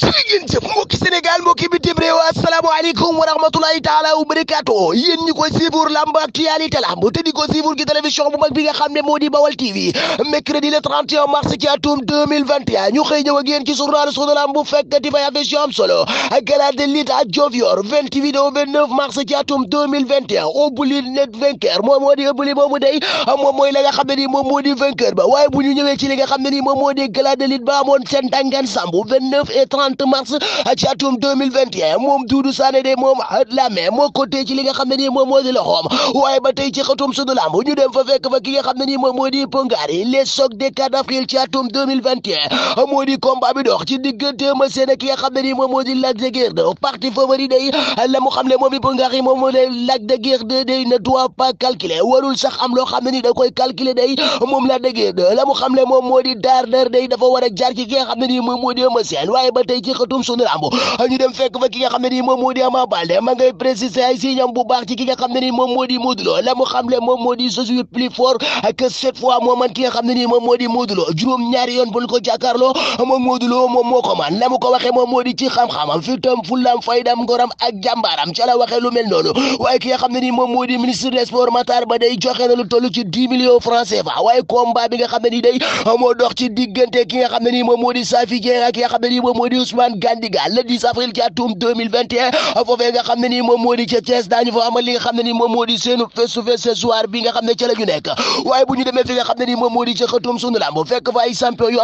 jërë ngeen jëf mbokki Sénégal mbokki bitim réew asalaamaaleykum wa rahmatulahi taala wa barakaatu yéen ñi ko suivre lamb actualité lamb te di ko suivre ci télévision bu mag bi xam ne moo di Bawal TV mercredi le 31 mars ci atum 2021 ñu xëy ñëw ak yéen ci journal sunu lamb bu fekk di fay affiche yu am solo gala de lutte à Diofior 28 au 29 mars ci atum 2021 Obouli net vainqueur moom moo di Obouli moomu day moom mooy la nga xam ne nii moom moo di vainqueur 30 mars ci atum 2021 moom Doudou Sané de moom lame moo ko tee ci li nga xam ne nii moom moo di loxoom waaye ba tey ci xatum sunu lamb ñu dem fa fekk fa ki nga xam ne nii moom moo di pongaar yi les de Guiers 2 parti la mu xam ne moom i pongaar yi moom moo ne Lac de Guiers 2 day ne doit pas calculer warul sax am loo xam ne nii da koy calculer day moom Lac de Guiers 2 la mu xam ne moom moo di daar daar day dafa war a jaar ci ki nga xam ne nii moom moo di ma tey ci xëtum sunu làmb ñu dem fekk fa ki nga xam ne di Ama Baldé ma ngay di Modou plus fort que cette fois moo man ki nga xam ne nii moom moo di ko jàkkaarloo moom Modou Lo moom moo ko ko waxee moom di ci xam-xamam fitam fulam faydam ngoram ak jàmbaaram ca la waxee lu mel ki nga xam ne di ministre des sports Ba day joxe na lu toll ci dix millions francs CFA waaye combat bi nga xam ne nii day Ousmane Gandiga le 10 avril ci atum 2021 foofee nga xam ne nga xam ne nii moom moo di seenu fesufe ce soir xam ne ca la nekk waaye bu ñu demee fi nga xam ne nii moom moo di ca xëtum sunu lamb fekk fekk fa ki xam ne nii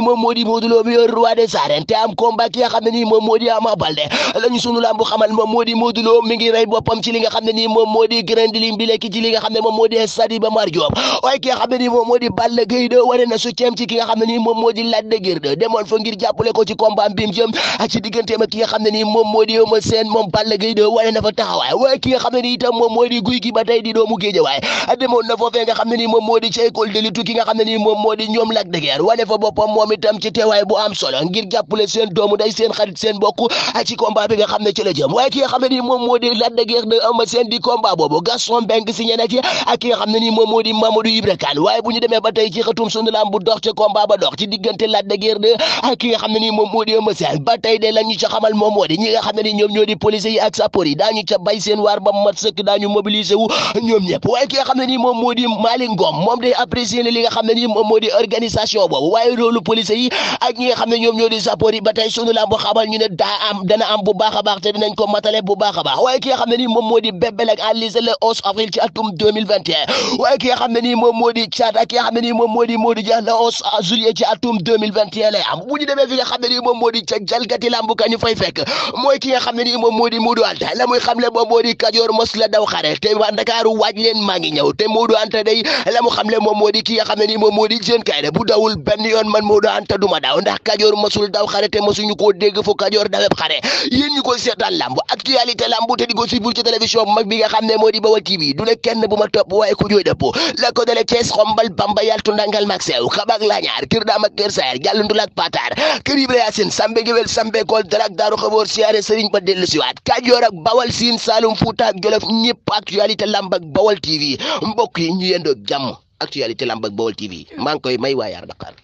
moom moo di bi yor roi des arènes te am ki xam ne nii moom moo di Ama rey boppam ci xam ne nii moom moo di bi lekk ci xam ne moom moom moo di Sadiba Mar Diop waaye ki nga xam ne nii moom Balla Gaye de wane na soutien ci ki nga xam ne nii moom moo di Lac de Guiers ngir jàppale ko ci combat bi mu ki nga xam ne nii moom moo di moom Balla Gaye de wane na fa taxawaay waaye ki nga xam ne nii itam moom moo di gi ba tey di doomu Géejawaay demoon na foofee nga xam ne nii moom moo di ca école de lutte moom moo di ñoom Lac de Guiers wane fa boppam moom itam seen doomu day seen xarit seen bokk ak nga xam ne ci la jëm waaye ki xam ne nii moom moo di Lac de Guiers de Eumeu Sène di combat boobu ci ak ki xam ne nii moom moo di Mamadou Ibra waaye bu ñu demee ba tey ci xëtum sunu lamb bu dox ci combat ba dox ci diggante Lac de ak ki xam ne nii moom moo di ba tey de la ñu ca xamal moom moo di di police yi ak sapeur yi daañu ca bay seen ba mat sëkk daañu mobiliser wu ñoom ñëpp waaye ki xam ne nii moom moo di Ngom moom day apprécier li xam ne nii moom moo di boobu waaye loolu police yi ak ñi xam ne ñoom ñoo a 2021 waaye ki a xam ne nii moom moo di Tchad ki nga xam ne nii moom moo di Modou Dia la onze juillet bu ñu demee fi nga xam ne nii moom moo di ca jalgati lambu ka fay fekk mooy ki nga xam ne nii moom moo di Anta la xam le moom moo ki nga xam ne nii moom moo di Diène Kaïré bu dawul benn yoon man Modou Anta duma daaw ndax Kajoor mosul daw xare te mosuñu koo dégg fu Kajoor daweb xare yéen ñu koy seetaan lambu actualité lambu te di ko ci télévision topp waaye ku jooy dëpp la ko dale Cees xombal bamba yal tundangal mag sew xabak lañaar kër daam ak kër sayar jàll ndul ak patar kër Ibra Yaasin sambe géwél sambe kool darak daaru xaboor siyaare sëriñ ba dellu siwaat Kajoor ak Bawal Siin Saalum Fuuta Jolof ñëpp actualité lamb Bawal TV mbokk yi ñu yendoo jàmm actualité lamb ak Bawal TV maa ngi koy may waayaar Dakar